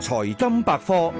財金百科，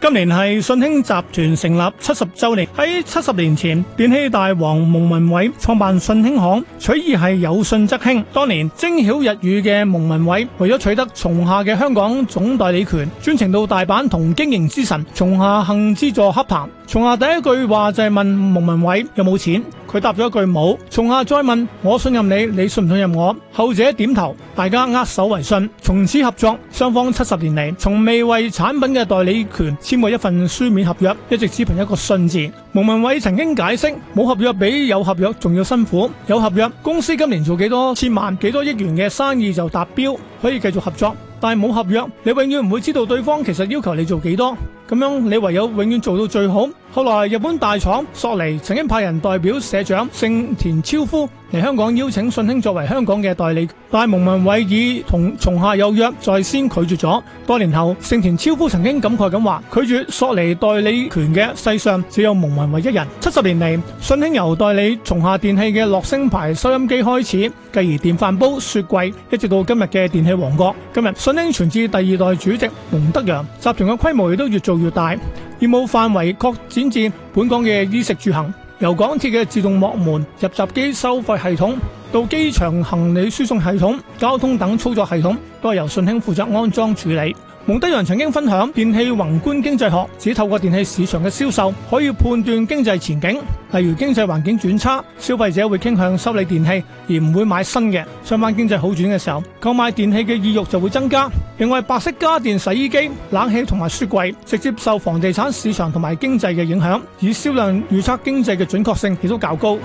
今年係信興集團成立七十周年。喺七十年前，電器大王蒙文偉創辦信興行，取意係有信則興。當年精曉日語嘅蒙文偉，為咗取得松下嘅香港總代理權，專程到大阪同經營之神松下幸之助洽談。松下第一句話就係問蒙文偉有冇錢。佢答咗一句冇，從下再問，我信任你，你信唔信任我？後者點頭，大家握手為信，從此合作，雙方七十年嚟，從未為產品嘅代理權簽過一份書面合約，一直只憑一個信字。蒙民偉曾經解釋，冇合約比有合約仲要辛苦，有合約，公司今年做幾多千萬幾多億元嘅生意就達標。可以繼續合作，但係冇合約，你永遠唔會知道對方其實要求你做幾多。咁樣你唯有永遠做到最好。後來日本大廠索尼曾經派人代表社長盛田昭夫，嚟香港邀請信興作為香港嘅代理，但係蒙文偉已同松下有約在先拒絕咗。多年後，盛田昭夫曾經感慨咁話：拒絕索尼代理權嘅世上只有蒙文偉一人。七十年嚟，信興由代理松下電器嘅樂聲牌收音機開始，繼而電飯煲、雪櫃，一直到今日嘅電器王國。今日信興傳至第二代主席蒙德揚，集團嘅規模亦都越做越大，業務範圍擴展至本港嘅衣食住行。由港鐵嘅自動幕門、入閘機收費系統，到機場行李輸送系統、交通等操作系統，都係由信興負責安裝處理。蒙德揚曾經分享，電器宏觀經濟學只透過電器市場嘅銷售，可以判斷經濟前景。例如經濟環境轉差，消費者會傾向修理電器而唔會買新嘅。相反經濟好轉嘅時候，購買電器嘅意欲就會增加。另外白色家電、洗衣機、冷氣同埋雪櫃，直接受房地產市場同埋經濟嘅影響，以銷量預測經濟嘅準確性亦都較高。